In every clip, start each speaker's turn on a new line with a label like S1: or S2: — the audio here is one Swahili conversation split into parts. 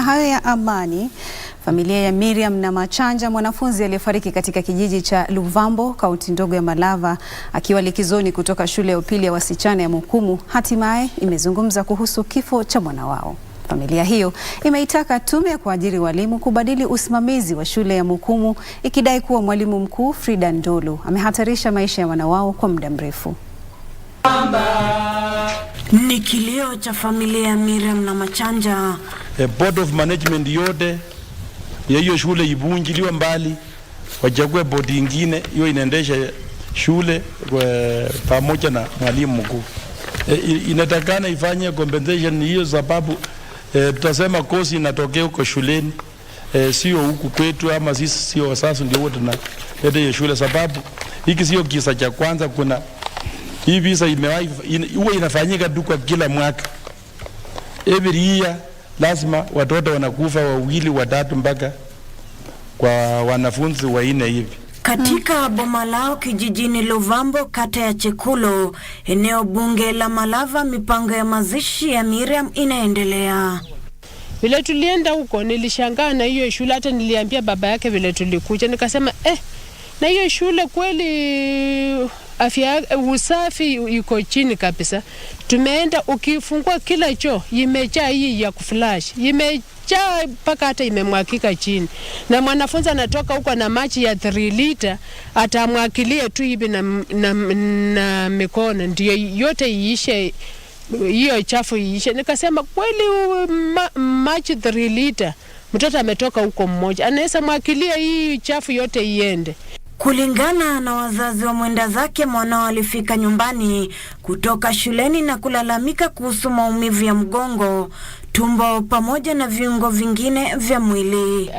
S1: Na hayo ya amani, familia ya Miriam Namachanja, mwanafunzi aliyefariki katika kijiji cha Luvambo, kaunti ndogo ya Malava, akiwa likizoni kutoka shule ya upili ya wasichana ya Mukumu, hatimaye imezungumza kuhusu kifo cha mwana wao. Familia hiyo imeitaka tume ya kuajiri walimu kubadili usimamizi wa shule ya Mukumu, ikidai kuwa mwalimu mkuu Frida Ndolo amehatarisha maisha ya wana wao kwa muda mrefu.
S2: Ni kilio cha familia ya Miriam Namachanja
S3: e board of management yote ya hiyo shule ivunjiliwe mbali, wachague board ingine hiyo inaendesha shule kwa eh, pamoja na mwalimu mkuu. E, inatakana ifanye compensation hiyo sababu e, tutasema kosi inatokea huko shuleni e, sio huku kwetu, ama sisi sio wasasi ndio wote na ndio hiyo shule, sababu hiki sio kisa cha kwanza. Kuna hii visa imewahi huwa in, inafanyika tu kwa kila mwaka every year lazima watoto wanakufa wawili watatu mpaka kwa wanafunzi waine hivi.
S2: Katika hmm. boma lao kijijini Luvambo, kata ya Chekulo, eneo bunge la Malava, mipango ya mazishi ya Miriam inaendelea.
S4: Vile tulienda huko nilishangaa na hiyo shule, hata niliambia baba yake vile tulikuja, nikasema eh, na hiyo shule kweli afya, usafi iko chini kabisa. Tumeenda ukifungua kila choo imejaa hii ya kuflash imejaa mpaka hata imemwakika chini, na mwanafunzi anatoka huko na maji ya 3 lita atamwakilie tu hivi na, na, na mikono ndio yote iishe hiyo chafu iishe. Nikasema kweli ma, maji 3 lita mtoto ametoka huko mmoja anaweza mwakilia hii chafu yote iende.
S2: Kulingana na wazazi wa mwenda zake, mwanao alifika nyumbani kutoka shuleni na kulalamika kuhusu maumivu ya mgongo, tumbo pamoja na viungo vingine vya mwili.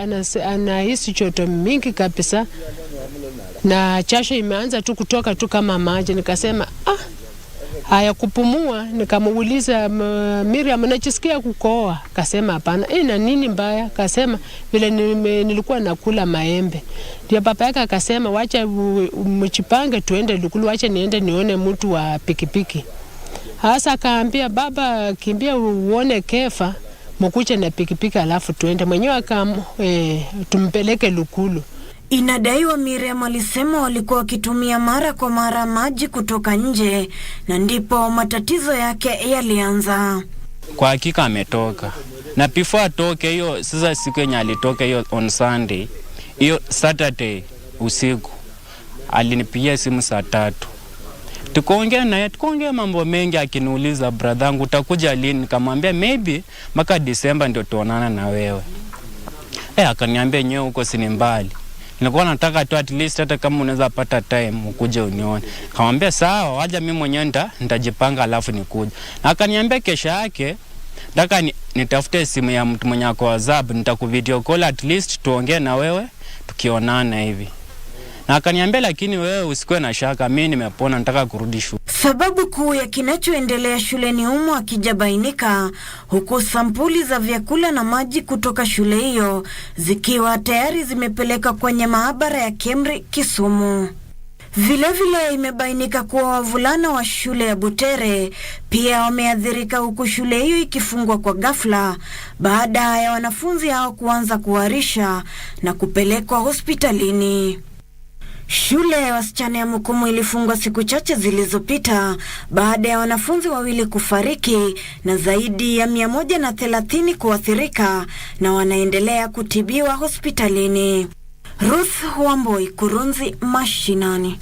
S4: Anahisi choto mingi kabisa na chasho imeanza tu kutoka tu kama maji, nikasema ah Aya, kupumua, nikamuuliza Miriam, nachisikia kukoa Kasema hapana. E, na nini mbaya? Kasema vile nilikuwa nakula maembe. Ndio baba yake akasema, wacha mchipange, tuende Lukulu, wacha niende nione mtu wa pikipiki. Hasa akaambia baba, kimbia uone Kefa, mkuche na pikipiki alafu tuende mwenyewe, akam e, tumpeleke Lukulu.
S2: Inadaiwa Miriam alisema walikuwa wakitumia mara kwa mara maji kutoka nje na ndipo matatizo yake yalianza.
S5: Kwa hakika ametoka na before atoke hiyo, sasa siku yenye alitoka hiyo on Sunday, hiyo Saturday usiku alinipigia simu saa tatu, tukaongea naye, tukaongea mambo mengi, akiniuliza bradhangu, utakuja lini? Nikamwambia maybe mpaka Disemba ndio tuonana na wewe. E, akaniambia nyewe huko si mbali nilikuwa nataka tu at least hata kama unaweza pata time ukuje unione. Kamwambia sawa, waja mimi mwenyewe nitajipanga alafu nikuja. Na akaniambia kesho yake nataka nitafute simu ya mtu mwenye kwa WhatsApp, nitakuvideo call at least tuongee na wewe tukionana hivi na akaniambia, lakini wewe usikue na shaka, mimi nimepona, nataka kurudi shule.
S2: Sababu kuu ya kinachoendelea shuleni humo akijabainika, huku sampuli za vyakula na maji kutoka shule hiyo zikiwa tayari zimepelekwa kwenye maabara ya KEMRI Kisumu. Vilevile imebainika kuwa wavulana wa shule ya Butere pia wameathirika, huku shule hiyo ikifungwa kwa ghafla baada ya wanafunzi hao kuanza kuharisha na kupelekwa hospitalini. Shule ya wasichana ya Mukumu ilifungwa siku chache zilizopita baada ya wanafunzi wawili kufariki na zaidi ya 130 kuathirika na wanaendelea kutibiwa hospitalini. Ruth Wamboi, Kurunzi Mashinani.